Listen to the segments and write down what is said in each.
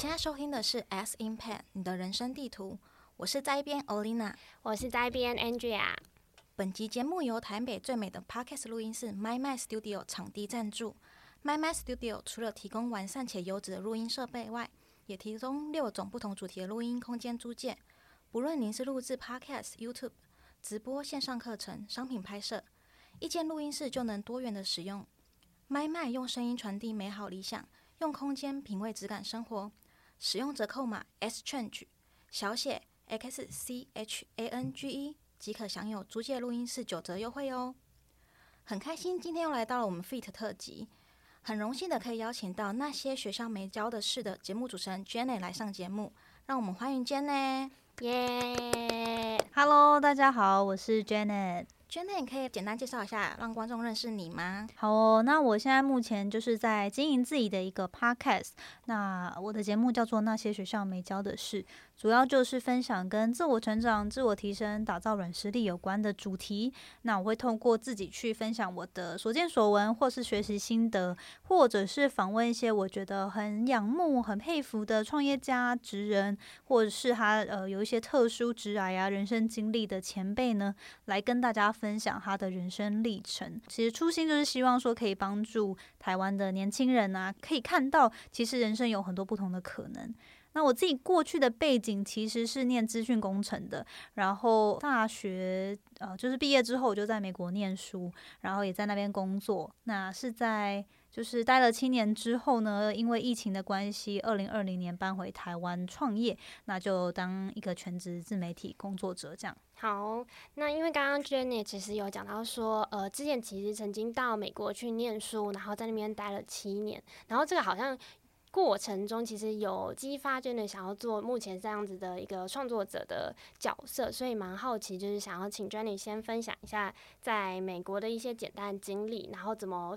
現在收聽的是《S Impact》，你的人生地圖。我是哉編 Olina，我是哉編 Andrea。本集節目由台北最美的 Podcast 錄音室 MicMind Studio 場地贊助。MicMind Studio 除了提供完善且優質的錄音設備外，也提供六種不同主題的錄音空間租借。不論您是錄製 Podcast、YouTube、直播、線上課程、商品拍攝，一間錄音室就能多元的使用。MicMind 用聲音傳遞美好理想，用空間品味質感生活。使用折扣碼 S change 小寫 X C H A N G E 即可享有租借錄音室九折優惠哦！很開心今天又來到了我們 Feat 特輯，很榮幸的可以邀請到那些學校沒教的事的節目主持人 Janet 來上節目，讓我們歡迎 Janet！耶、yeah！Hello，大家好，我是 Janet。Janet， 你可以簡單介紹一下，讓觀眾認識你嗎？好哦，那我現在目前就是在經營自己的一個 podcast，那我的節目叫做《那些學校沒教的事》。主要就是分享跟自我成長、自我提升、打造軟實力有關的主題。那我會通過自己去分享我的所見所聞，或是學習心得，或者是訪問一些我覺得很仰慕、很佩服的創業家、職人，或者是他呃有一些特殊職涯啊、人生經歷的前輩呢，來跟大家分享他的人生歷程。其實初心就是希望說，可以幫助台灣的年輕人啊，可以看到其實人生有很多不同的可能。那我自己過去的背景其實是念資訊工程的，然後大學呃就是畢業之後我就在美國念書，然後也在那邊工作。那是在就是待了七年之後呢，因為疫情的關係，二零二零年搬回台灣創業，那就當一個全職自媒體工作者這樣。好，那因為剛剛 Janet 其實有講到說，呃，之前其實曾經到美國去念書，然後在那邊待了七年，然後這個好像。過程中其實有激發 Janet 想要做目前這樣子的一個創作者的角色，所以蠻好奇，就是想要請 Janet 先分享一下在美國的一些簡單經歷，然後怎麼。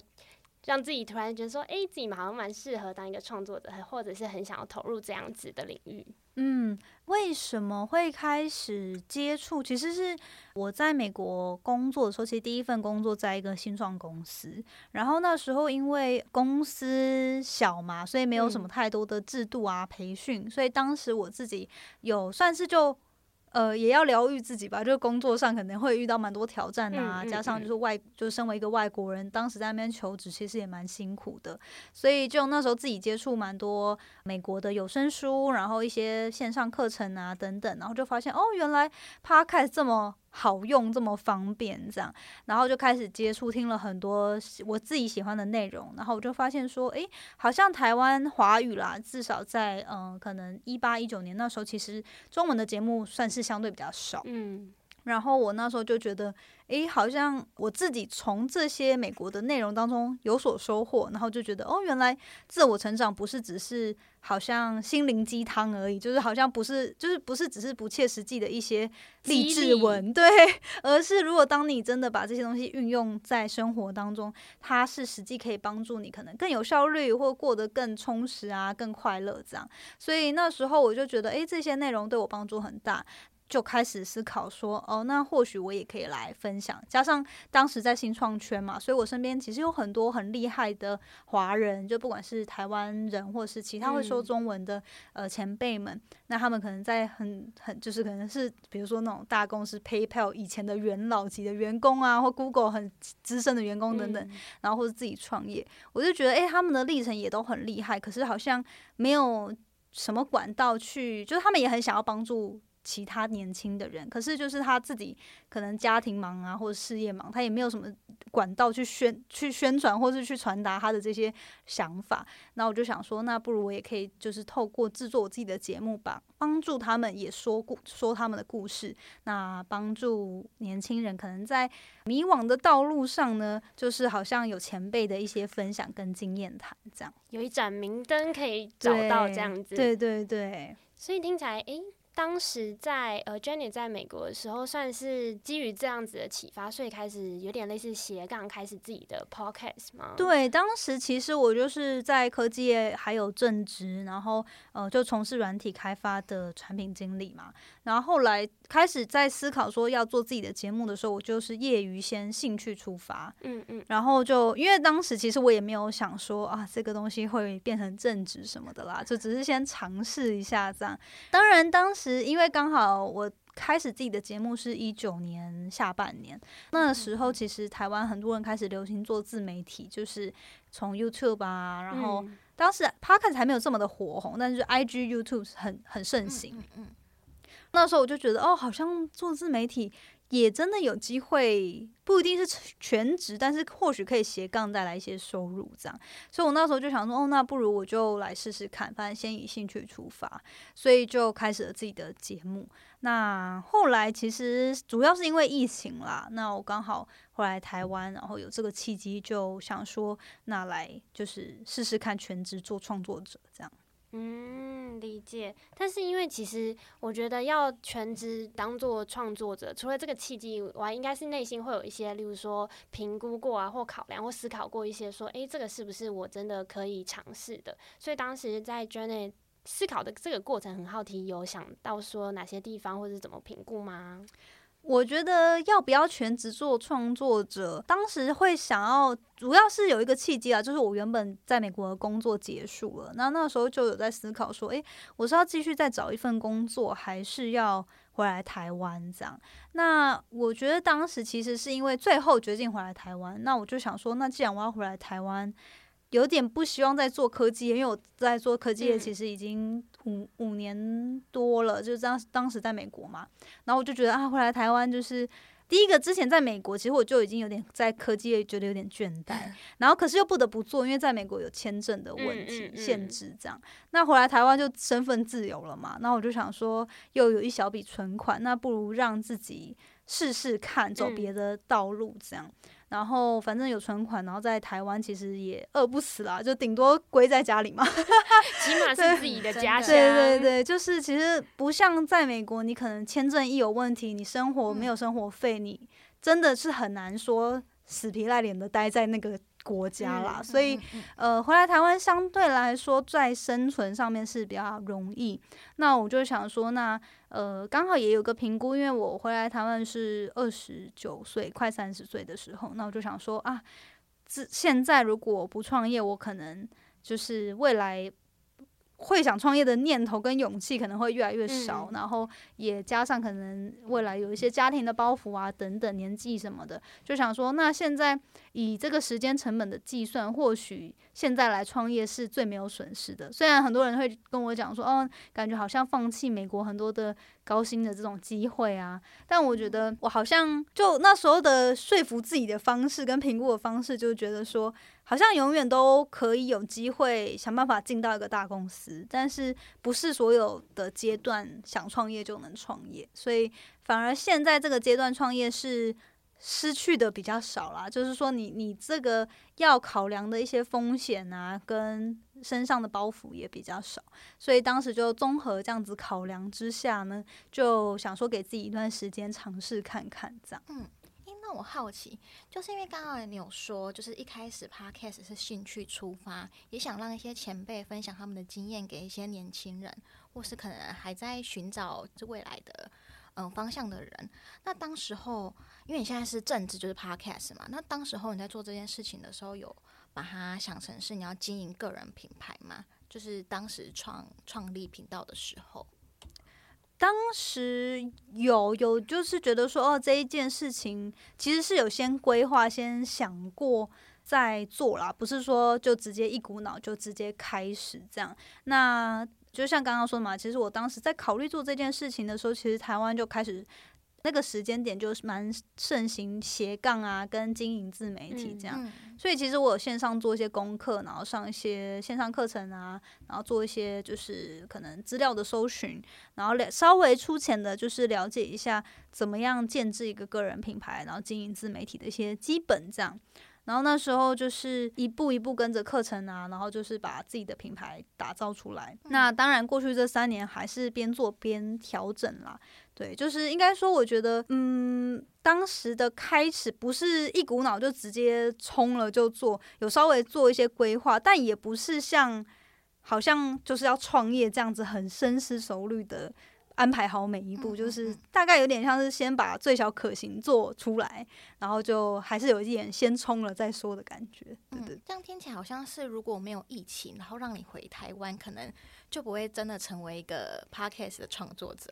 讓自己突然覺得說，哎，自己好像蠻適合當一個創作者，或者是很想要投入這樣子的領域。嗯，為什麼會開始接觸？其實是我在美國工作的時候，其實第一份工作在一個新創公司，然後那時候因為公司小嘛，所以沒有什麼太多的制度啊、嗯、培訓，所以當時我自己有算是就。呃，也要療癒自己吧，就工作上可能會遇到蠻多挑戰啊嗯嗯嗯，加上就是外，就是身為一個外國人，當時在那邊求職其實也蠻辛苦的，所以就那時候自己接觸蠻多美國的有聲書，然後一些線上課程啊等等，然後就發現哦，原來 Podcast 這麼。好用，這麼方便，這樣，然後就開始接觸，聽了很多我自己喜歡的內容，然後我就發現說，哎、欸，好像台灣華語啦，至少在嗯、呃，可能一八一九年那時候，其實中文的節目算是相對比較少，嗯。然後我那時候就覺得，哎，好像我自己從這些美國的內容當中有所收穫，然後就覺得，哦，原來自我成長不是只是好像心靈雞湯而已，就是好像不是，就是不是只是不切實際的一些勵志文，對，而是如果當你真的把這些東西運用在生活當中，它是實際可以幫助你可能更有效率或過得更充實啊，更快樂這樣。所以那時候我就覺得，哎，這些內容對我幫助很大。就開始思考說，哦，那或許我也可以來分享。加上當時在新創圈嘛，所以我身邊其實有很多很厲害的華人，就不管是台灣人或是其他會說中文的呃前輩們、嗯，那他們可能在很很就是可能是比如說那種大公司 PayPal 以前的元老級的員工啊，或 Google 很資深的員工等等，嗯、然後或者自己創業，我就覺得哎、欸，他們的歷程也都很厲害，可是好像沒有什麼管道去，就是他們也很想要幫助。其他年輕的人，可是就是他自己可能家庭忙啊，或者事業忙，他也沒有什麼管道去宣去宣傳，或是去傳達他的這些想法。那我就想說，那不如我也可以就是透過製作我自己的節目吧，幫助他們也說過說他們的故事，那幫助年輕人可能在迷惘的道路上呢，就是好像有前輩的一些分享跟經驗談，這樣有一盞明燈可以找到這樣子。對對對，對，所以聽起來誒。欸當時在呃，Janet 在美國的時候，算是基於這樣子的啟發，所以開始有點類似斜槓，開始自己的 podcast 嗎？對，當時其實我就是在科技業還有正職，然後呃，就從事軟體開發的產品經理嘛，然後，後來。開始在思考說要做自己的節目的時候，我就是業餘先興趣出發，嗯嗯，然後就因為當時其實我也沒有想說啊這個東西會變成正職什麼的啦，就只是先嘗試一下這樣。當然當時因為剛好我開始自己的節目是一九年下半年，那時候其實台灣很多人開始流行做自媒體，就是從 YouTube 啊，然後當時 Podcast 還沒有這麼的火紅，但是 IG、YouTube 很很盛行，嗯。嗯嗯。那時候我就覺得，哦，好像做自媒體也真的有機會，不一定是全職，但是或許可以斜槓帶來一些收入這樣。所以我那時候就想說，哦，那不如我就來試試看，反正先以興趣出發，所以就開始了自己的節目。那後來其實主要是因為疫情啦，那我剛好回來台灣，然後有這個契機，就想說，那來就是試試看全職做創作者這樣。嗯，理解。但是因為其實我覺得要全職當做創作者，除了這個契機以外，應該是內心會有一些，例如說評估過啊，或考量或思考過一些說，說、欸、哎，這個是不是我真的可以嘗試的？所以當時在 Janet 思考的這個過程，很好奇有想到說哪些地方，或是怎麼評估嗎？我覺得要不要全職做創作者？當時會想要，主要是有一個契機啊，就是我原本在美國的工作結束了，那那時候就有在思考說，誒、欸，我是要繼續再找一份工作，還是要回來台灣這樣？那我覺得當時其實是因為最後決定回來台灣，那我就想說，那既然我要回來台灣，有點不希望再做科技，因為我在做科技業其實已經。嗯五五年多了，就這樣，當時在美國嘛，然後我就覺得啊，回來台灣就是第一個。之前在美國，其實我就已經有點在科技業覺得有點倦怠，嗯、然後可是又不得不做，因為在美國有簽證的問題、嗯嗯嗯、限制這樣。那回來台灣就身份自由了嘛，然後我就想說，又有一小筆存款，那不如讓自己試試看走別的道路這樣。嗯然後反正有存款，然後在台灣其實也餓不死啦，就頂多龜在家裡嘛， 起碼是自己的家鄉對的。對對對，就是其實不像在美國，你可能簽證一有問題，你生活沒有生活費，嗯、你真的是很難說死皮賴臉的待在那個。國家啦、嗯，所以，呃，回來台灣相對來說在生存上面是比較容易。那我就想說那，那呃，剛好也有個評估，因為我回來台灣是二十九歲，快三十歲的時候，那我就想說啊，自現在如果不創業，我可能就是未來。會想創業的念頭跟勇氣可能會越來越少，嗯，然後也加上可能未來有一些家庭的包袱啊等等，年紀什麼的，就想說，那現在以這個時間成本的計算，或許現在來創業是最沒有損失的。雖然很多人會跟我講說，哦，感覺好像放棄美國很多的高薪的這種機會啊，但我覺得我好像就那時候的說服自己的方式跟評估的方式，就覺得說。好像永遠都可以有機會想辦法進到一個大公司，但是不是所有的階段想創業就能創業，所以反而現在這個階段創業是失去的比較少啦，就是說你你這個要考量的一些風險啊，跟身上的包袱也比較少，所以當時就綜合這樣子考量之下呢，就想說給自己一段時間嘗試看看這樣。嗯但我好奇，就是因為剛剛你有說，就是一開始 Podcast 是興趣出發，也想讓一些前輩分享他們的經驗給一些年輕人，或是可能還在尋找未來的嗯方向的人。那當時候，因為你現在是正職，就是 Podcast 嘛，那當時候你在做這件事情的時候，有把它想成是你要經營個人品牌嗎？就是當時創創立頻道的時候。當時有有，就是覺得說，哦，這一件事情其實是有先規劃、先想過再做啦，不是說就直接一股腦就直接開始這樣。那就像剛剛說的嘛，其實我當時在考慮做這件事情的時候，其實台灣就開始。那個時間點就是蠻盛行斜槓啊，跟經營自媒體這樣。嗯嗯，所以其實我有線上做一些功課，然後上一些線上課程啊，然後做一些就是可能資料的搜尋，然後稍微粗淺的，就是了解一下怎麼樣建置一個個人品牌，然後經營自媒體的一些基本這樣。然後那時候就是一步一步跟着課程啊，然後就是把自己的品牌打造出來。那當然，過去這三年還是邊做邊調整啦。對，就是應該說，我覺得，嗯，當時的開始不是一股腦就直接衝了就做，有稍微做一些規劃，但也不是像好像就是要創業這樣子很深思熟慮的。安排好每一步，嗯，就是大概有點像是先把最小可行做出來，然後就還是有一點先衝了再說的感覺，對對，對。嗯，這樣聽起來好像是如果沒有疫情，然後讓你回台灣，可能就不會真的成為一個 Podcast 的創作者。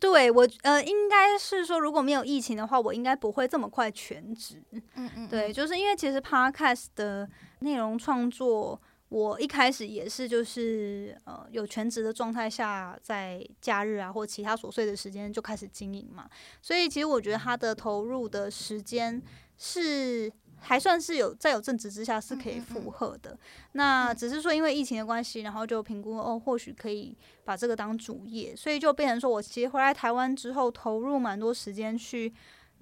對我呃，應該是說如果沒有疫情的話，我應該不會這麼快全職。嗯嗯，嗯，對，就是因為其實 Podcast 的內容創作。我一開始也是，就是呃有全職的狀態下，在假日啊或其他瑣碎的時間就開始經營嘛，所以其實我覺得他的投入的時間是還算是有在有正職之下是可以負荷的。嗯嗯嗯。那只是說因為疫情的關係，然後就評估哦，或許可以把這個當主業，所以就變成說我其實回來台灣之後投入蠻多時間去。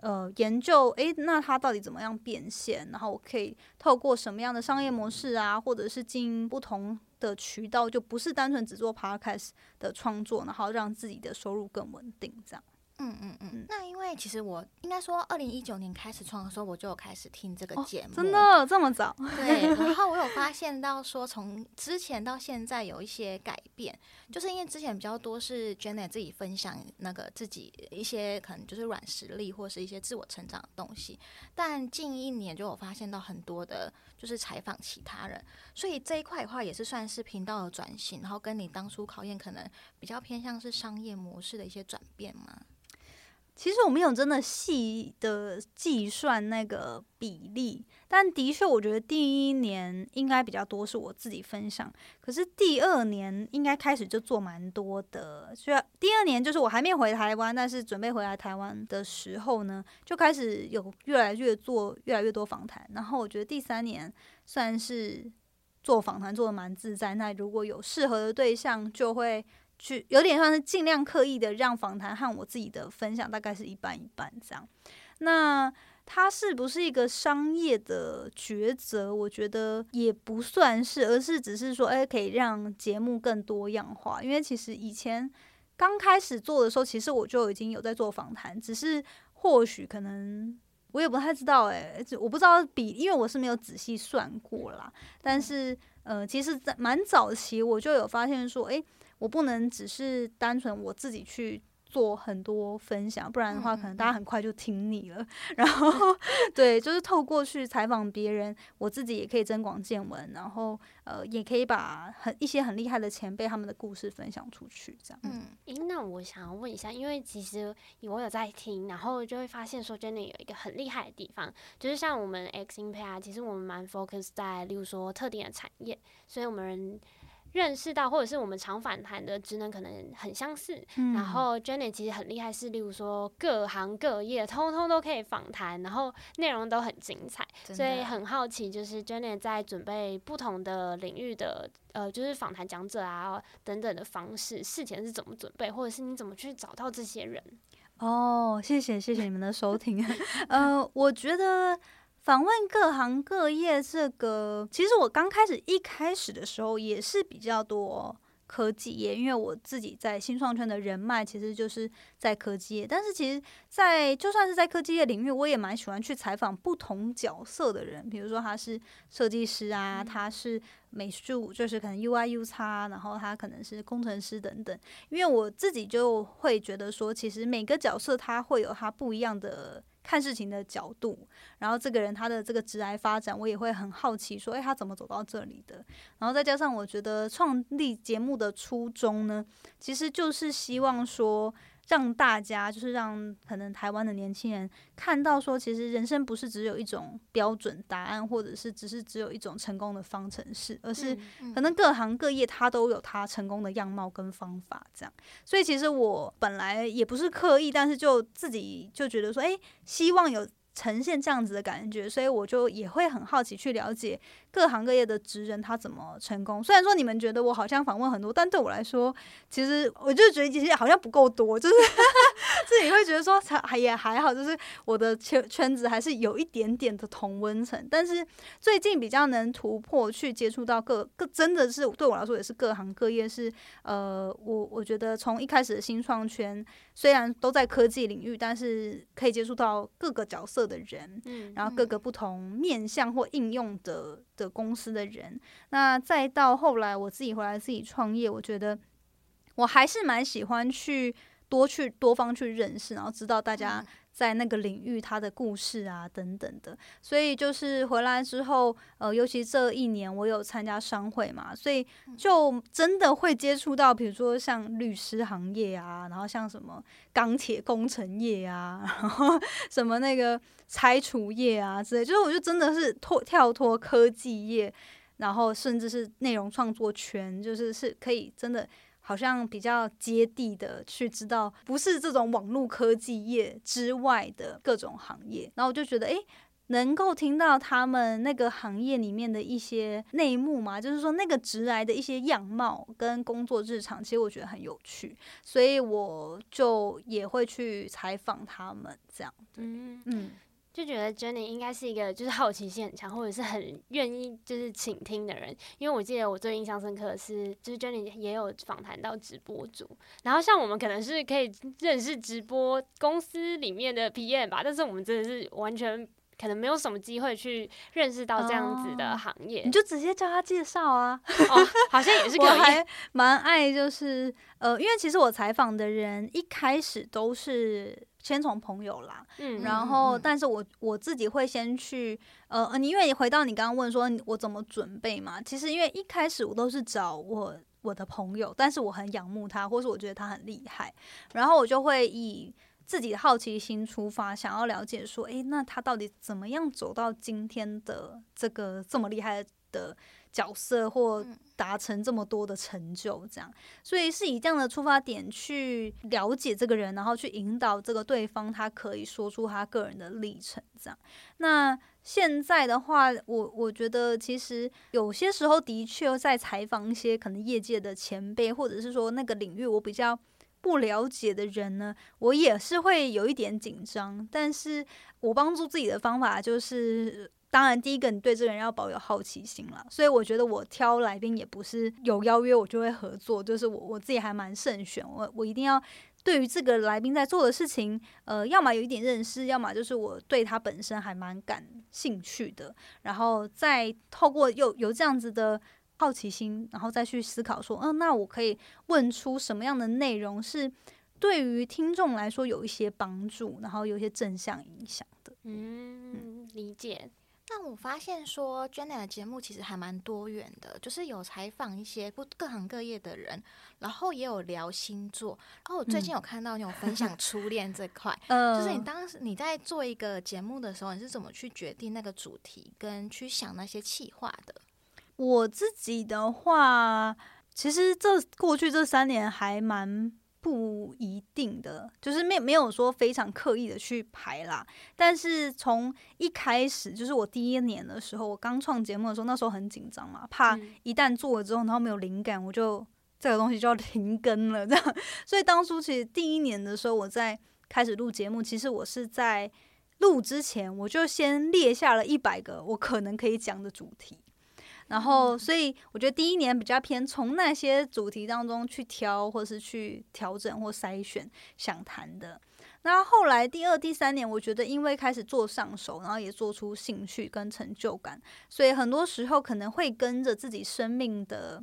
呃，研究，誒、欸，那它到底怎麼樣變現？然後我可以透過什麼樣的商業模式啊，或者是經營不同的渠道，就不是單純只做 Podcast 的創作，然後讓自己的收入更穩定，這樣。嗯嗯嗯那因為其實我應該說，二零一九年開始創的時候，我就有開始聽這個節目、哦，真的這麼早？對。然後我有發現到說，從之前到現在有一些改變，嗯、就是因為之前比較多是 Janet 自己分享那個自己一些可能就是軟實力或是一些自我成長的東西，但近一年就有發現到很多的就是採訪其他人，所以這一塊的話也是算是頻道的轉型，然後跟你當初考驗可能比較偏向是商業模式的一些轉變嘛。其實我沒有真的細的計算那個比例，但的確，我覺得第一年應該比較多是我自己分享。可是第二年應該開始就做蠻多的，雖然第二年就是我還沒有回台灣，但是準備回來台灣的時候呢，就開始有越來越做越來越多訪談。然後我覺得第三年算是做訪談做得蠻自在，那如果有適合的對象，就會。去有點像是盡量刻意的讓訪談和我自己的分享大概是一半一半這樣。那它是不是一個商業的抉擇？我覺得也不算是，而是只是說，誒，可以讓節目更多樣化。因為其實以前剛開始做的時候，其實我就已經有在做訪談，只是或許可能我也不太知道，誒，我不知道比，因為我是沒有仔細算過啦。但是呃，其實在蠻早期我就有發現說，誒。我不能只是單純我自己去做很多分享，不然的話，可能大家很快就聽膩了、嗯。然後，對，就是透過去採訪別人，我自己也可以增廣見聞，然後呃，也可以把很一些很厲害的前輩他們的故事分享出去，這樣。嗯。誒，那我想要問一下，因為其實我有在聽，然後就會發現說，Janet 有一個很厲害的地方，就是像我們 XChange，in、啊、其實我們蠻 focus 在，例如說特定的產業，所以我們。認識到或者是我們常訪談的職能可能很相似，嗯、然後 Janet 其實很厲害，是例如說各行各業通通都可以訪談，然後內容都很精彩，啊、所以很好奇，就是 Janet 在準備不同的領域的呃，就是訪談講者啊等等的方式，事前是怎麼準備，或者是你怎麼去找到這些人？哦，謝謝謝謝你們的收聽， 呃，我覺得。訪問各行各業，這個其實我剛開始一開始的時候也是比較多科技業，因為我自己在新創圈的人脈其實就是在科技業。但是其實在，在就算是在科技業領域，我也蠻喜歡去採訪不同角色的人，比如說他是設計師啊，嗯、他是美術，就是可能 U I U X，然後他可能是工程師等等。因為我自己就會覺得說，其實每個角色他會有他不一樣的。看事情的角度，然後這個人他的這個職涯發展，我也會很好奇說，哎，他怎麼走到這裡的？然後再加上我覺得創立節目的初衷呢，其實就是希望說。讓大家就是讓可能台灣的年輕人看到說，其實人生不是只有一種標準答案，或者是只是只有一種成功的方程式，而是可能各行各業他都有他成功的樣貌跟方法這樣。所以其實我本來也不是刻意，但是就自己就覺得說，欸，希望有呈現這樣子的感覺，所以我就也會很好奇去了解。各行各業的職人他怎麼成功？雖然說你們覺得我好像訪問很多，但對我來說，其實我就覺得其實好像不夠多，就是 自己會覺得說也還好，就是我的圈圈子還是有一點點的同溫層。但是最近比較能突破去接觸到各各真的是對我來說也是各行各業是呃我我覺得從一開始的新創圈，雖然都在科技領域，但是可以接觸到各個角色的人，嗯，嗯，然後各個不同面向或應用的的公司的人，那再到後來我自己回來自己創業，我覺得我還是蠻喜歡去多去多方去認識，然後知道大家。嗯。在那個領域，他的故事啊，等等的。所以就是回來之後，呃，尤其這一年，我有參加商會嘛，所以就真的會接觸到，比如說像律師行業啊，然後像什麼鋼鐵工程業啊，然後什麼那個拆除業啊之類，就是我就真的是脫跳脫科技業，然後甚至是內容創作圈，就是是可以真的，好像比較接地的去知道，不是這種網絡科技業之外的各種行業。然後我就覺得，誒、欸，能夠聽到他們那個行業裡面的一些內幕嘛，就是說那個直來的一些樣貌跟工作日常，其實我覺得很有趣，所以我就也會去採訪他們這樣子。嗯。嗯就覺得 Jenny 應該是一個就是好奇心很強，或者是很願意就是傾聽的人，因為我記得我最印象深刻的是，就是 Jenny 也有訪談到直播主，然後像我們可能是可以認識直播公司裡面的 PM 吧，但是我們真的是完全可能沒有什麼機會去認識到這樣子的行業，uh, 你就直接叫他介紹啊， oh, 好像也是可以。我還蠻愛就是呃，因為其實我採訪的人一開始都是。先從朋友啦，嗯，然後，嗯、但是我我自己會先去，呃，你因為回到你剛剛問說我怎麼準備嘛，其實因為一開始我都是找我我的朋友，但是我很仰慕他，或是我覺得他很厲害，然後我就會以自己的好奇心出發，想要了解說，誒，那他到底怎麼樣走到今天的這個這麼厲害的角色或達成這麼多的成就，這樣，所以是以這樣的出發點去了解這個人，然後去引導這個對方，他可以說出他個人的歷程。這樣，那現在的話，我我覺得其實有些時候的確在採訪一些可能業界的前輩，或者是說那個領域我比較不了解的人呢，我也是會有一點緊張。但是我幫助自己的方法就是。當然，第一個你對這個人要保有好奇心了，所以我覺得我挑來賓也不是有邀約我就會合作，就是我我自己還蠻慎選，我我一定要對於這個來賓在做的事情，呃，要麼有一點認識，要麼就是我對他本身還蠻感興趣的，然後再透過有有這樣子的好奇心，然後再去思考說，嗯、呃，那我可以問出什麼樣的內容是對於聽眾來說有一些幫助，然後有一些正向影響的嗯。嗯，理解。那我發現說，Janet 的節目其實還蠻多元的，就是有採訪一些不各行各業的人，然後也有聊星座。然後我最近有看到你有分享初戀這塊，嗯、就是你當時你在做一個節目的時候，你是怎麼去決定那個主題跟去想那些企劃的？我自己的話，其實這過去這三年還蠻。不一定的，就是沒沒有說非常刻意的去排啦。但是從一開始，就是我第一年的時候，我剛創節目的時候，那時候很緊張嘛，怕一旦做了之後，然後沒有靈感，我就這個東西就要停更了這樣。所以當初其實第一年的時候，我在開始錄節目，其實我是在錄之前，我就先列下了一百個我可能可以講的主題。然後，所以我覺得第一年比較偏從那些主題當中去挑，或是去調整或篩選想談的。那後來第二、第三年，我覺得因為開始做上手，然後也做出興趣跟成就感，所以很多時候可能會跟着自己生命的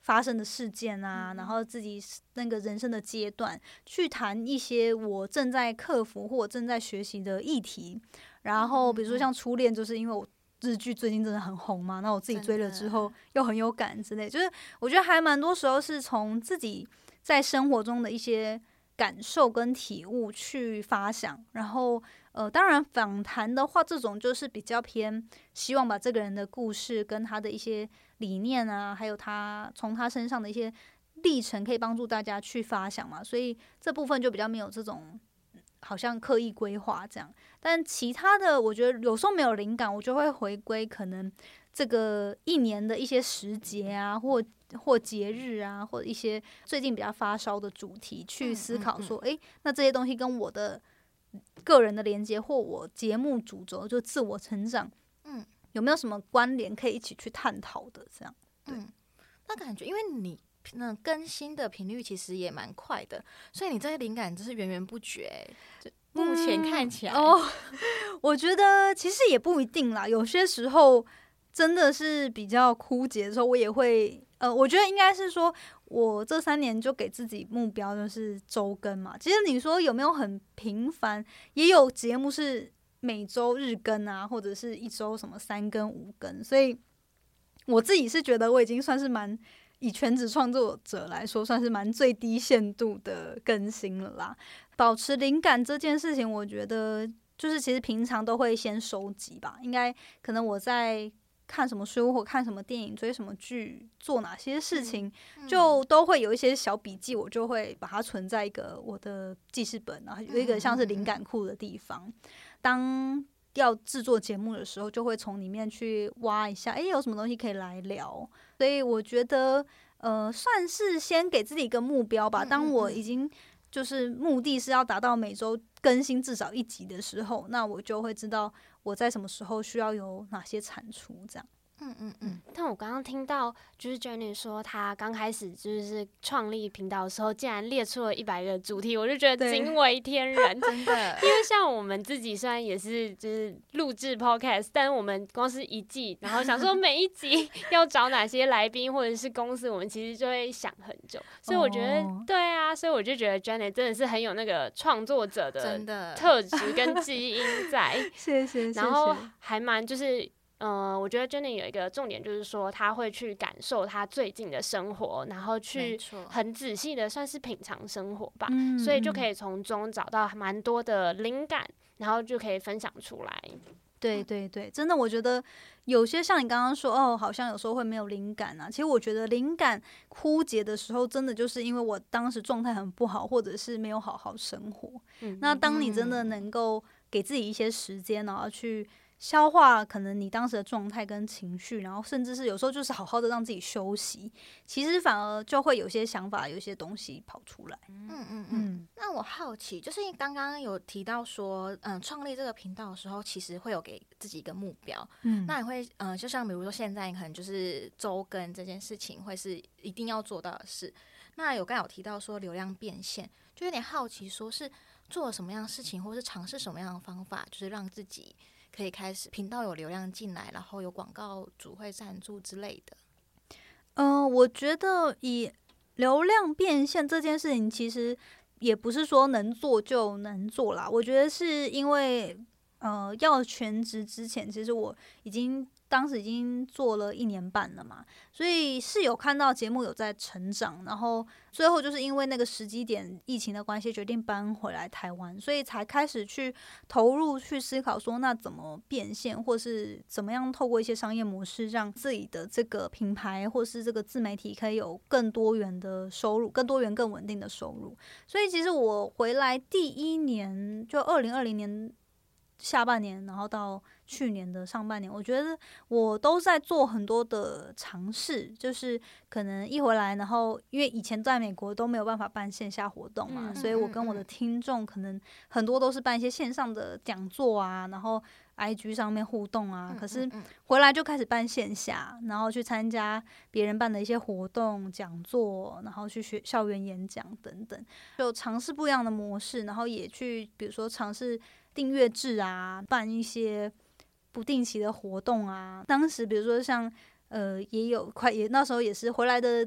發生的事件啊，然後自己那個人生的階段去談一些我正在克服或正在學習的議題。然後比如說像初戀，就是因為我。日劇最近真的很紅嘛，那我自己追了之後又很有感之類，就是我覺得還蠻多時候是從自己在生活中的一些感受跟體悟去發想，然後呃，當然訪談的話，這種就是比較偏希望把這個人的故事跟他的一些理念啊，還有他從他身上的一些歷程，可以幫助大家去發想嘛，所以這部分就比較沒有這種。好像刻意規劃這樣，但其他的我覺得有時候沒有靈感，我就會回歸可能這個一年的一些時節啊，或或節日啊，或一些最近比較發燒的主題去思考說，哎、嗯嗯嗯欸，那這些東西跟我的個人的連接，或我節目主軸就自我成長，嗯，有沒有什麼關聯可以一起去探討的？這樣對，嗯，那感覺因為你。那個、更新的頻率其實也蠻快的，所以你這些靈感真是源源不絕。目前看起來、嗯，哦，我覺得其實也不一定啦。有些時候真的是比較枯竭的時候，我也會呃，我覺得應該是說，我這三年就給自己目標就是周更嘛。其實你說有沒有很頻繁？也有節目是每周日更啊，或者是一周什麼三更五更。所以我自己是覺得我已經算是蠻。以全職創作者來說，算是蠻最低限度的更新了啦。保持靈感這件事情，我覺得就是其實平常都會先收集吧。應該可能我在看什麼書或看什麼電影、追什麼劇、做哪些事情，就都會有一些小筆記，我就會把它存在一個我的記事本啊，有一個像是靈感庫的地方。當要製作節目的時候，就會從裡面去挖一下，欸，有什麼東西可以來聊。所以我覺得，呃，算是先給自己一個目標吧。當我已經就是目的是要達到每週更新至少一集的時候，那我就會知道我在什麼時候需要有哪些產出，這樣。嗯嗯嗯，但我剛剛聽到就是 Janet 說，她剛開始就是創立頻道的時候，竟然列出了一百個主題，我就覺得驚為天人，真的。因為像我們自己雖然也是就是錄制 Podcast， 但我們光是一季，然後想說每一集要找哪些來賓或者是公司，我們其實就會想很久。所以我覺得，哦、對啊，所以我就覺得 Janet 真的是很有那個創作者的特質跟基因在。 謝，謝，謝謝，然後還蠻就是。嗯、呃，我覺得 Janet 有一個重點，就是說她會去感受她最近的生活，然後去很仔細的算是品嘗生活吧，所以就可以從中找到蠻多的靈感，然後就可以分享出來。嗯、對對對，真的，我覺得有些像你剛剛說，哦，好像有時候會沒有靈感啊。其實我覺得靈感枯竭的時候，真的就是因為我當時狀態很不好，或者是沒有好好生活。嗯、那當你真的能夠給自己一些時間，然後去。消化可能你當時的狀態跟情緒，然後甚至是有時候就是好好的讓自己休息，其實反而就會有些想法，有些東西跑出來。嗯嗯嗯。那我好奇，就是你剛剛有提到說，嗯、呃，創立這個頻道的時候，其實會有給自己一個目標。嗯。那你會，嗯、呃，就像比如說現在你可能就是周更這件事情，會是一定要做到的事。那有剛有提到說流量變現，就有點好奇，說是做了什麼樣的事情，或是嘗試什麼樣的方法，就是讓自己。可以開始，頻道有流量進來，然後有廣告主會贊助之類的。嗯、呃，我覺得以流量變現這件事情，其實也不是說能做就能做啦。我覺得是因為，呃，要全職之前，其實我已經。當時已經做了一年半了嘛，所以是有看到節目有在成長，然後最後就是因為那個時機點疫情的關係，決定搬回來台灣，所以才開始去投入去思考說，那怎麼變現，或是怎麼樣透過一些商業模式，讓自己的這個品牌或是這個自媒體可以有更多元的收入，更多元更穩定的收入。所以其實我回來第一年，就二零二零年下半年，然後到，去年的上半年，我覺得我都在做很多的嘗試，就是可能一回來，然後因為以前在美國都沒有辦法辦線下活動嘛，啊，嗯，所以我跟我的聽眾可能很多都是辦一些線上的講座啊，然後 IG 上面互動啊，可是回來就開始辦線下，然後去參加別人辦的一些活動、講座，然後去學校園演講等等，就嘗試不一樣的模式，然後也去比如說嘗試訂閱制啊，辦一些。不定期的活動啊，當時比如說像呃，也有快，也那時候也是回來的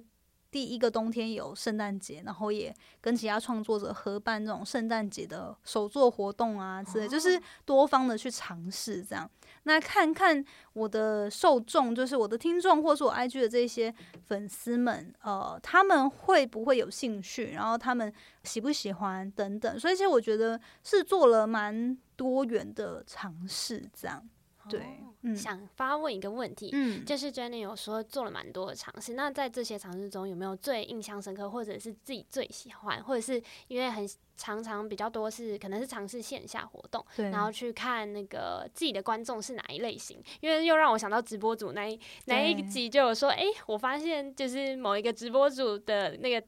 第一個冬天有聖誕節，然後也跟其他創作者合辦這種聖誕節的手作活動啊之類，就是多方的去嘗試這樣，那看看我的受眾就是我的聽眾或是我 IG 的這些粉絲們，呃，他們會不會有興趣，然後他們喜不喜歡等等，所以其實我覺得是做了蠻多元的嘗試這樣。對、嗯，想發問一個問題，嗯、就是 Janet 有說做了蠻多的嘗試，那在這些嘗試中有沒有最印象深刻，或者是自己最喜歡，或者是因為很常常比較多是可能是嘗試線下活動，然後去看那個自己的觀眾是哪一類型，因為又讓我想到直播主那一那一集就有說，哎、欸，我發現就是某一個直播主的那個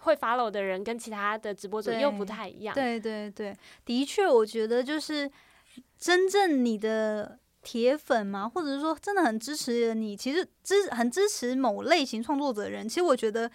會 follow 的人跟其他的直播主又不太一樣，對對，對對，的確，我覺得就是真正你的。鐵粉嘛，或者是說真的很支持你，其實支很支持某類型創作者的人，其實我覺得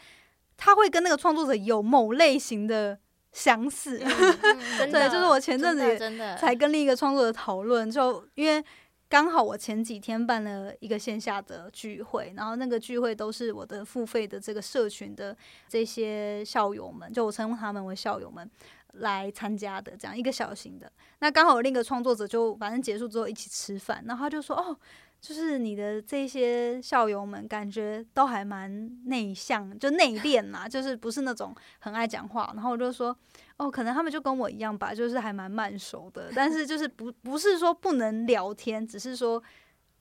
他會跟那個創作者有某類型的相似。嗯嗯、 對，就是我前陣子也才跟另一個創作者討論，就因為剛好我前幾天辦了一個線下的聚會，然後那個聚會都是我的付費的這個社群的這些校友們，就我稱呼他們為校友們。來參加的這樣一個小型的，那剛好另一個創作者，就反正結束之後一起吃飯，然後他就說哦，就是你的這些校友們感覺都還蠻內向，就內斂嘛，就是不是那種很愛講話。然後我就說哦，可能他們就跟我一樣吧，就是還蠻慢熟的，但是就是不不是說不能聊天，只是說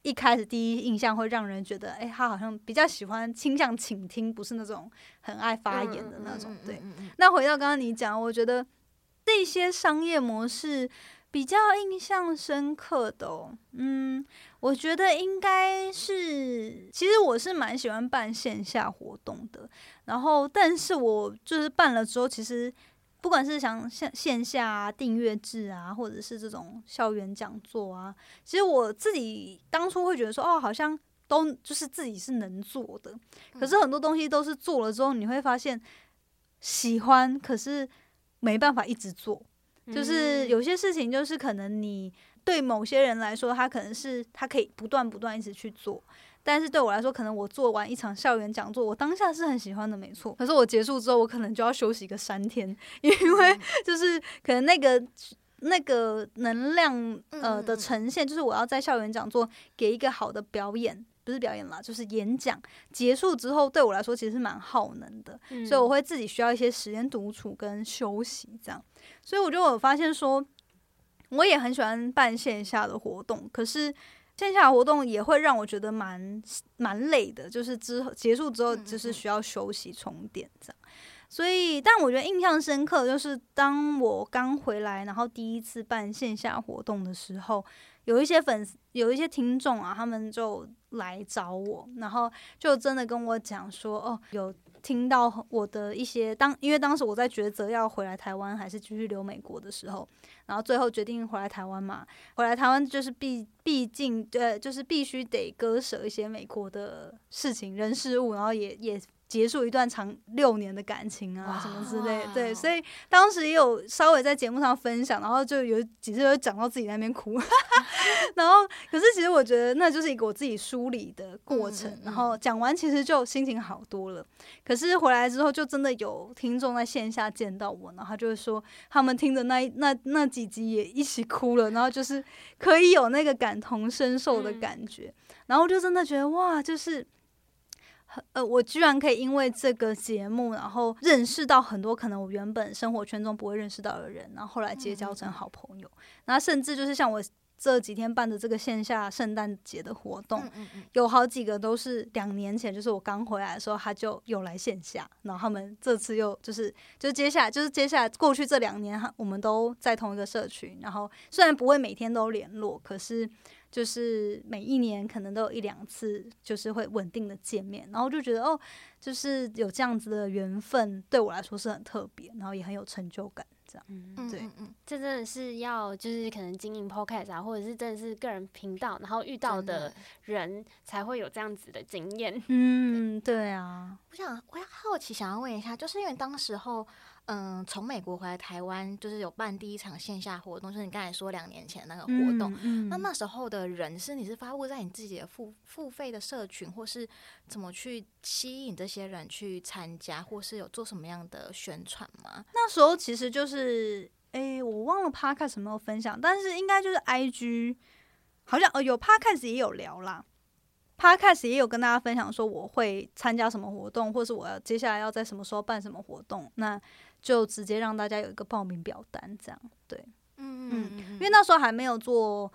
一開始第一印象會讓人覺得，哎、欸，他好像比較喜歡傾向傾聽，不是那種很愛發言的那種。對，那回到剛剛你講，我覺得。這些商業模式比較印象深刻的，哦，嗯，我覺得應該是，其實我是蠻喜歡辦線下活動的。然後，但是我就是辦了之後，其實不管是想線線下訂閱制啊，或者是這種校園講座啊，其實我自己當初會覺得說，哦，好像都就是自己是能做的。可是很多東西都是做了之後，你會發現喜歡，可是。沒辦法一直做，就是有些事情就是可能你對某些人來說，他可能是他可以不斷不斷一直去做，但是對我來說，可能我做完一場校園講座，我當下是很喜歡的，沒錯。可是我結束之後，我可能就要休息個三天，因為就是可能那個那個能量呃的呈現，就是我要在校園講座給一個好的表演，不是表演啦，就是演講結束之後，對我來說其實是蠻耗能的、嗯，所以我會自己需要一些時間獨處跟休息這樣。所以我就有發現說，我也很喜歡辦線下的活動，可是線下的活動也會讓我覺得蠻蠻累的，就是之後結束之後就是需要休息充電這樣嗯嗯。所以，但我覺得印象深刻就是當我剛回來，然後第一次辦線下活動的時候。有一些粉絲，有一些聽眾啊，他們就來找我，然後就真的跟我講說，哦，有聽到我的一些當，因為當時我在抉擇要回來台灣還是繼續留美國的時候，然後最後決定回來台灣嘛，回來台灣就是畢畢竟，對，就是必須得割捨一些美國的事情、人事物，然後也也。結束一段長六年的感情啊，什麼之類，對，所以當時也有稍微在節目上分享，然後就有幾次有講到自己那邊哭， 然後可是其實我覺得那就是一個我自己梳理的過程，然後講完其實就心情好多了。可是回來之後就真的有聽眾在線下見到我，然後就會說他們聽着那一那那幾集也一起哭了，然後就是可以有那個感同身受的感覺，然後就真的覺得哇，就是。呃，我居然可以因為這個節目，然後認識到很多可能我原本生活圈中不會認識到的人，然後後來結交成好朋友。嗯嗯。然後甚至就是像我這幾天辦的這個線下聖誕節的活動，嗯嗯嗯。有好幾個都是兩年前，就是我剛回來的時候，他就又來線下。然後他們這次又就是就是接下來就是接下來過去這兩年，我們都在同一個社群。然後雖然不會每天都聯絡，可是。就是每一年可能都有一兩次，就是會穩定的見面，然後就覺得哦，就是有這樣子的緣分，對我來說是很特別，然後也很有成就感。這樣，嗯，對嗯嗯，這真的是要就是可能經營 Podcast 啊，或者是真的是個人頻道，然後遇到的人才會有這樣子的經驗。嗯，對啊，我想，我要好奇，想要問一下，就是因為當時候。嗯，從美國回來台灣，就是有辦第一場線下活動，就是你剛才說兩年前的那個活動，嗯嗯。那那時候的人是你是發布在你自己的付付費的社群，或是怎麼去吸引這些人去參加，或是有做什麼樣的宣傳嗎？那時候其實就是，哎、欸，我忘了 Podcast 沒有分享，但是應該就是 IG，好像哦、呃、有 Podcast 也有聊啦，Podcast 也有跟大家分享說我會參加什麼活動，或是我要接下來要在什麼時候辦什麼活動。那就直接讓大家有一個報名表單，這樣對，嗯嗯，因為那時候還沒有做，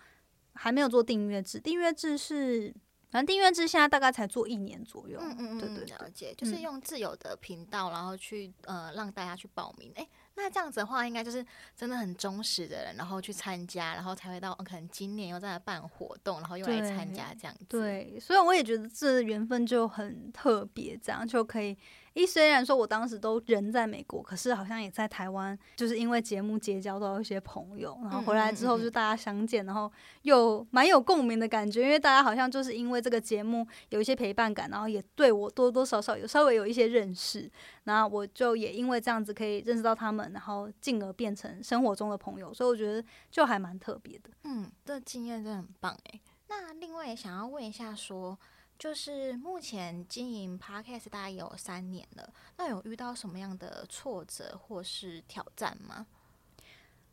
還沒有做訂閱制，訂閱制是，反正訂閱制現在大概才做一年左右，嗯嗯對對，對了解、嗯、就是用自有的頻道，然後去呃讓大家去報名，哎、欸，那這樣子的話，應該就是真的很忠實的人，然後去參加，然後才會到可能今年又在辦活動，然後又來參加這樣子對，對，所以我也覺得這緣分就很特別，這樣就可以。一雖然說，我當時都人在美國，可是好像也在台灣，就是因為節目結交到一些朋友，然後回來之後就大家相見，然後有蠻有共鳴的感覺，因為大家好像就是因為這個節目有一些陪伴感，然後也對我多多少少有稍微有一些認識，然後我就也因為這樣子可以認識到他們，然後進而變成生活中的朋友，所以我覺得就還蠻特別的。嗯，這經驗真的很棒欸。那另外也想要問一下說。就是目前經營 Podcast 大概也有三年了，那有遇到什麼樣的挫折或是挑戰嗎？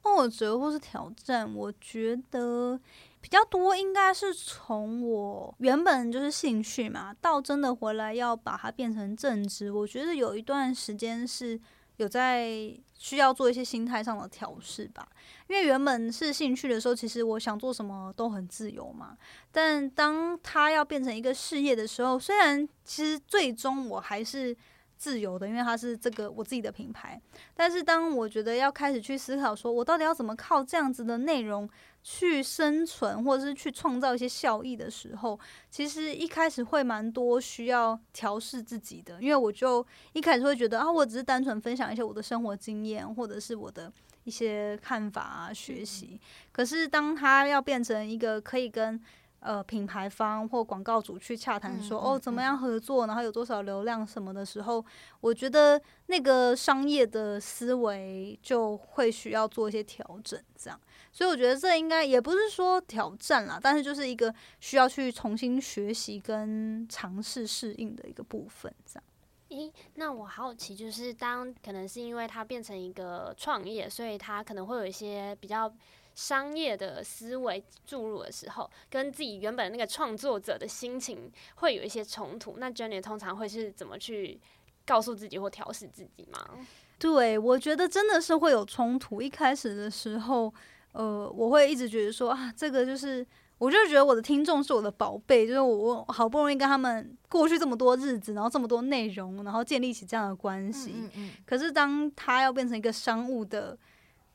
挫折或是挑戰，我覺得比較多，應該是從我原本就是興趣嘛，到真的回來要把它變成正職，我覺得有一段時間是有在。需要做一些心態上的調適吧，因為原本是興趣的時候，其實我想做什麼都很自由嘛。但當它要變成一個事業的時候，雖然其實最終我還是自由的，因為它是這個我自己的品牌。但是當我覺得要開始去思考，說我到底要怎麼靠這樣子的內容。去生存，或者是去創造一些效益的時候，其實一開始會蠻多需要調適自己的，因為我就一開始會覺得啊，我只是單純分享一些我的生活經驗或者是我的一些看法啊，學習、嗯。可是當他要變成一個可以跟呃品牌方或廣告主去洽談說嗯嗯嗯哦，怎麼樣合作，然後有多少流量什麼的時候，我覺得那個商業的思維就會需要做一些調整，這樣。所以我覺得這應該也不是說挑戰啦，但是就是一個需要去重新學習跟嘗試適應的一個部分，這樣。咦，那我好奇就是，當可能是因為它變成一個創業，所以它可能會有一些比較商業的思維注入的時候，跟自己原本那個創作者的心情會有一些衝突。那 Janet 通常會是怎麼去告訴自己或調適自己嗎？對，我覺得真的是會有衝突，一開始的時候。呃，我會一直覺得說啊，這個就是，我就覺得我的聽眾是我的寶貝，就是我我好不容易跟他們過去這麼多日子，然後這麼多內容，然後建立起這樣的關係。嗯嗯嗯。可是當他要變成一個商務的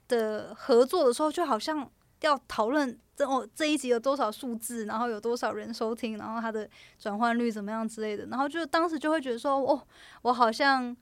的合作的時候，就好像要討論這哦這一集有多少數字，然後有多少人收聽，然後他的轉換率怎麼樣之類的。然後就當時就會覺得說哦，我好像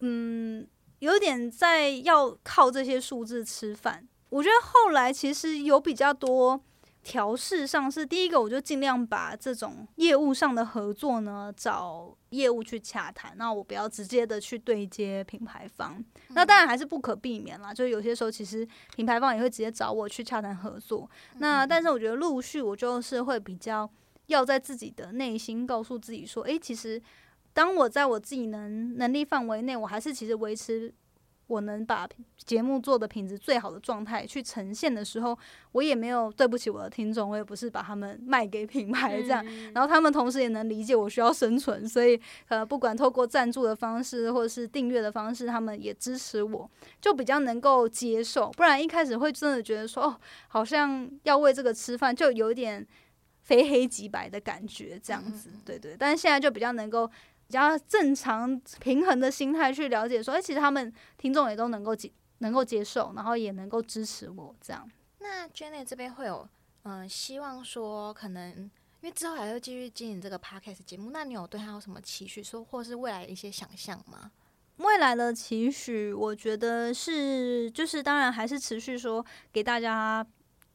嗯有點在要靠這些數字吃飯。我覺得後來其實有比較多調適，上是第一個，我就盡量把這種業務上的合作呢，找業務去洽談，那我不要直接的去對接品牌方。那當然還是不可避免啦，就有些時候其實品牌方也會直接找我去洽談合作。那但是我覺得陸續我就是會比較要在自己的內心告訴自己說，哎、欸，其實當我在我自己能能力範圍內，我還是其實維持。我能把節目做的品質最好的狀態去呈現的時候，我也沒有對不起我的聽眾，我也不是把他們賣給品牌這樣。然後他們同時也能理解我需要生存，所以呃，不管透過贊助的方式或者是訂閱的方式，他們也支持我，就比較能夠接受。不然一開始會真的覺得說哦，好像要為這個吃飯，就有點非黑即白的感覺這樣子。對對，但是現在就比較能夠。比較正常平衡的心態去了解，說，誒、欸、其實他們聽眾也都能夠接，能夠接受，然後也能夠支持我這樣。那 Janet 這邊會有，嗯、呃，希望說，可能因為之後還會繼續經營這個 podcast 節目，那你有對他有什麼期許，說，或是未來一些想象嗎？未來的期許，我覺得是，就是當然還是持續說給大家。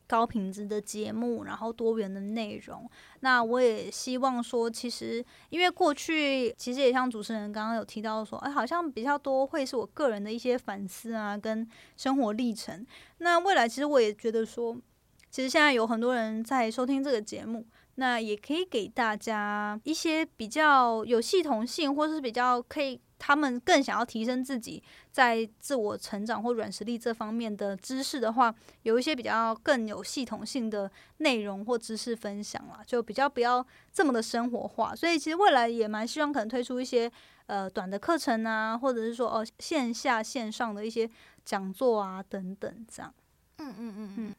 高品質的節目，然後多元的內容。那我也希望說，其實因為過去其實也像主持人剛剛有提到說，哎、欸，好像比較多會是我個人的一些反思啊，跟生活歷程。那未來其實我也覺得說，其實現在有很多人在收聽這個節目，那也可以給大家一些比較有系統性，或是比較可以，他們更想要提升自己在自我成長或軟實力這方面的知識的話，有一些比較更有系統性的內容或知識分享啦，就比較不要這麼的生活化。所以其實未來也蠻希望可能推出一些呃短的課程啊，或者是說哦線下線上的一些講座啊等等這樣。嗯嗯嗯嗯。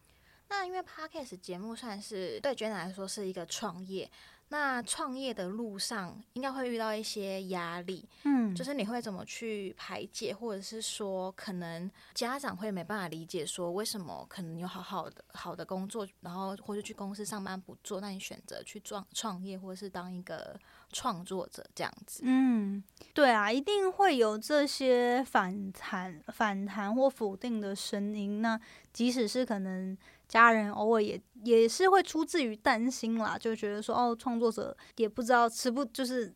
那因為 Podcast 節目算是對 Janet 來說是一個創業。那創業的路上應該會遇到一些壓力，嗯，就是你會怎麼去排解，或者是說可能家長會沒辦法理解，說為什麼可能有好好的好的工作，然後或者去公司上班不做，那你選擇去創創業，或者是當一個創作者這樣子，嗯，對啊，一定會有這些反彈、反彈或否定的聲音，那即使是可能。家人偶爾也也是會出自於擔心啦，就覺得說哦，創作者也不知道持不就是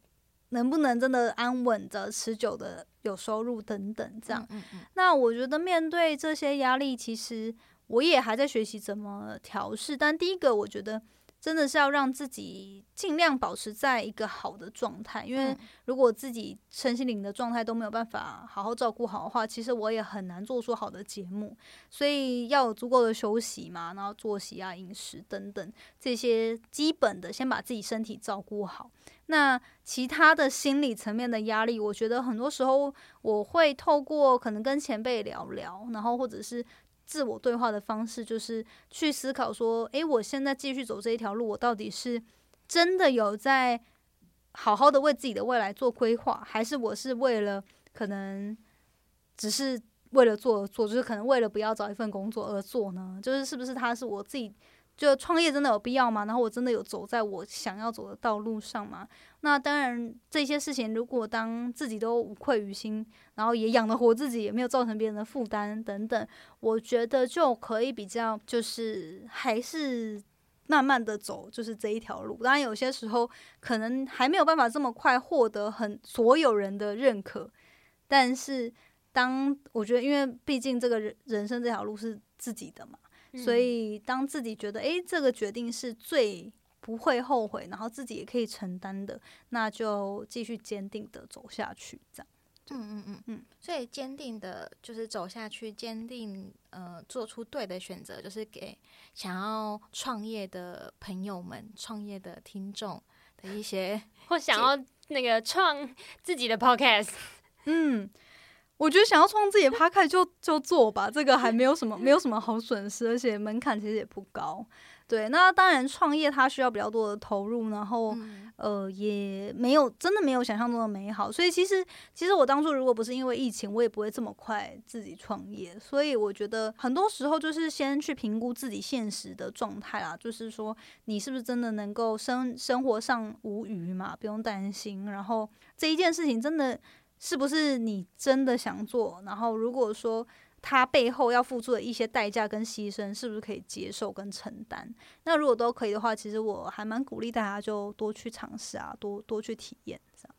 能不能真的安穩的、持久的有收入等等這樣。嗯嗯嗯，那我覺得面對這些壓力，其實我也還在學習怎麼調適。但第一個，我覺得，真的是要讓自己盡量保持在一個好的狀態，因為如果自己身心靈的狀態都沒有辦法好好照顧好的話，其實我也很難做出好的節目。所以要有足夠的休息嘛，然後作息啊、飲食等等這些基本的，先把自己身體照顧好。那其他的心理層面的壓力，我覺得很多時候我會透過可能跟前輩聊聊，然後或者是。自我對話的方式就是去思考說：誒，我現在繼續走這一條路，我到底是真的有在好好的為自己的未來做規劃，還是我是為了可能只是為了做做，就是可能為了不要找一份工作而做呢？就是是不是他是我自己？就創業真的有必要嗎？然後我真的有走在我想要走的道路上嗎？那當然，這些事情如果當自己都無愧於心，然後也養得活自己，也沒有造成別人的負擔等等，我覺得就可以比較，就是還是慢慢的走，就是這一條路。當然，有些時候可能還沒有辦法這麼快獲得很所有人的認可，但是當我覺得，因為畢竟這個人人生這條路是自己的嘛。所以，當自己覺得誒、欸，這個決定是最不會後悔，然後自己也可以承擔的，那就繼續堅定的走下去，這樣。嗯嗯嗯嗯。嗯，所以，堅定的就是走下去，堅定呃，做出對的選擇，就是給想要創業的朋友們、創業的聽眾的一些，或想要那個創自己的 Podcast。嗯。我覺得想要創自己的 Podcast 就就做吧，這個還沒有什麼沒有什麼好損失，而且門檻其實也不高。對，那當然創業它需要比較多的投入，然後、嗯、呃也沒有真的沒有想象中的美好。所以其實其實我當初如果不是因為疫情，我也不會這麼快自己創業。所以我覺得很多時候就是先去評估自己現實的狀態啦，就是說你是不是真的能夠生生活上無虞嘛，不用擔心。然後這一件事情真的。是不是你真的想做？然後如果說他背後要付出的一些代價跟犧牲，是不是可以接受跟承擔？那如果都可以的話，其實我還蠻鼓勵大家就多去嘗試啊，多多去體驗這樣。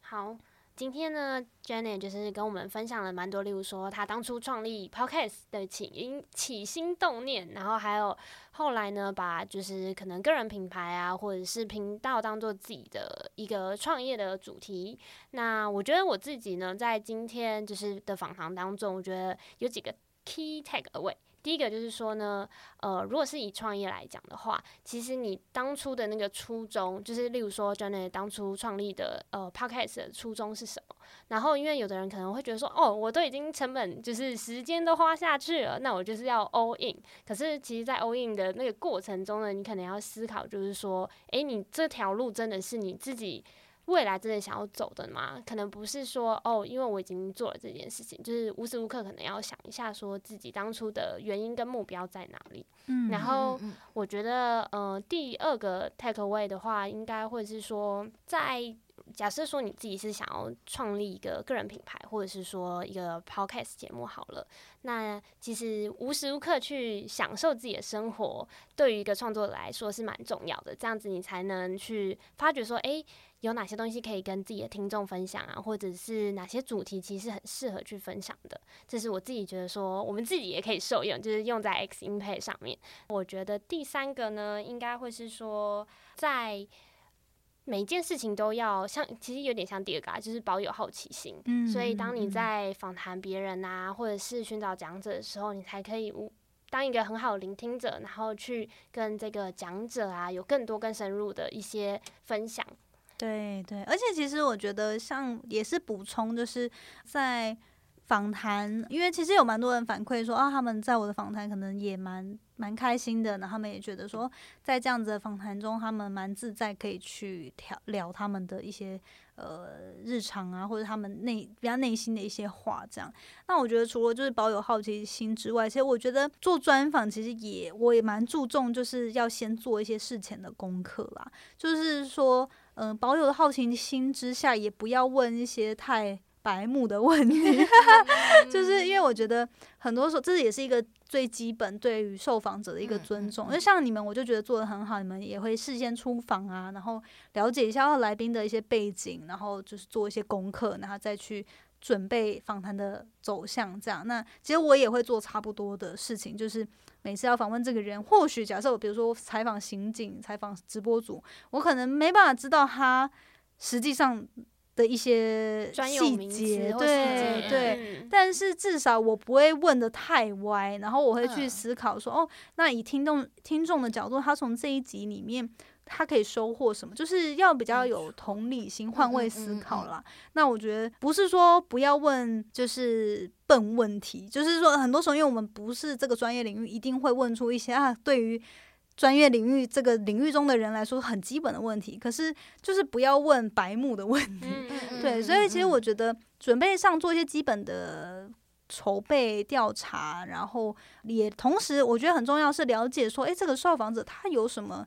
好。今天呢，Janet 就是跟我們分享了蠻多，例如說她當初創立 Podcast 的起因、起心動念，然後還有後來呢，把就是可能個人品牌啊，或者是頻道當做自己的一個創業的主題。那我覺得我自己呢，在今天就是的訪談當中，我覺得有幾個 Key Takeaway。第一個就是說呢，呃，如果是以創業來講的話，其實你當初的那個初衷，就是例如說 Janet 當初創立的呃 Podcast 的初衷是什麼？然後因為有的人可能會覺得說，哦，我都已經成本就是時間都花下去了，那我就是要 All In。可是其實，在 All In 的那個過程中呢，你可能要思考，就是說，哎、欸，你這條路真的是你自己未來真的想要走的嗎？可能不是說哦，因為我已經做了這件事情，就是無時無刻可能要想一下，說自己當初的原因跟目標在哪裡。嗯，然後我覺得，呃，第二個 take away 的話，應該會是說在。假設說你自己是想要創立一個個人品牌，或者是說一個 Podcast 節目好了，那其實無時無刻去享受自己的生活，對於一個創作者來說是蠻重要的。這樣子你才能去發覺說，哎、欸，有哪些東西可以跟自己的聽眾分享啊，或者是哪些主題其實很適合去分享的。這是我自己覺得說，我們自己也可以受用，就是用在 X 音配上面。我覺得第三個呢，應該會是說在。每一件事情都要像，其實有點像第二個，就是保有好奇心。嗯，所以當你在訪談別人啊，或者是尋找講者的時候，你才可以當一個很好的聆聽者，然後去跟這個講者啊有更多、更深入的一些分享。對對，而且其實我覺得像也是補充，就是在訪談，因為其實有蠻多人反饋說，啊，他們在我的訪談可能也蠻蠻開心的呢，然後他們也覺得說，在這樣子的訪談中，他們蠻自在，可以去聊聊他們的一些呃日常啊，或者他們內比較內心的一些話這樣。那我覺得除了就是保有好奇心之外，其實我覺得做專訪其實也我也蠻注重，就是要先做一些事前的功課啦。就是說，嗯、呃，保有好奇心之下，也不要問一些太白目的問題， 就是因為我覺得很多時候這是也是一個。最基本對於受訪者的一個尊重，因、嗯、為、嗯就是、像你們，我就覺得做得很好。你們也會事先出訪啊，然後了解一下來賓的一些背景，然後就是做一些功課，然後再去準備訪談的走向這樣，那其實我也會做差不多的事情，就是每次要訪問這個人，或許假設我比如說採訪刑警、採訪直播組，我可能沒辦法知道他實際上，的一些細節，對對、嗯，但是至少我不會問得太歪，然後我會去思考說，嗯、哦，那以聽眾聽眾的角度，他從這一集裡面，他可以收穫什麼？就是要比較有同理心、換位思考啦、嗯嗯嗯嗯。那我覺得不是說不要問，就是笨問題，就是說很多時候，因為我們不是這個專業領域，一定會問出一些啊，對於。專業領域這個領域中的人來說很基本的問題，可是就是不要問白目的問題，對，所以其實我覺得準備上做一些基本的籌備調查，然後也同時我覺得很重要是了解說，哎、欸，這個受訪者他有什麼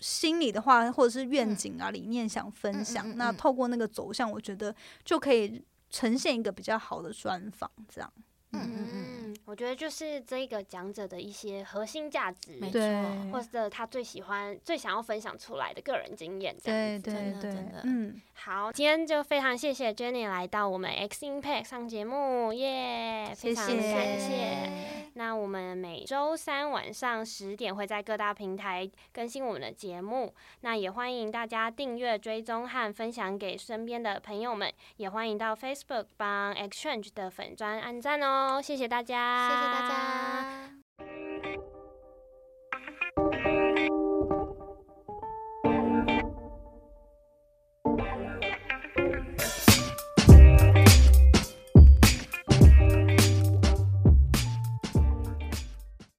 心裡的話，或者是願景啊、理念想分享，那透過那個走向，我覺得就可以呈現一個比較好的專訪，這樣。嗯嗯嗯，我覺得就是這個講者的一些核心價值，對，沒錯，或者他最喜歡、最想要分享出來的個人經驗，對對對，嗯，好，今天就非常謝謝 Janet 來到我們 X Impact 上節目，耶、yeah,，非常的感謝，謝，謝。那我們每周三晚上十點會在各大平台更新我們的節目，那也歡迎大家訂閱、追蹤和分享給身邊的朋友們，也歡迎到 Facebook 幫 Exchange 的粉專按讚哦。謝謝大家，謝謝大家。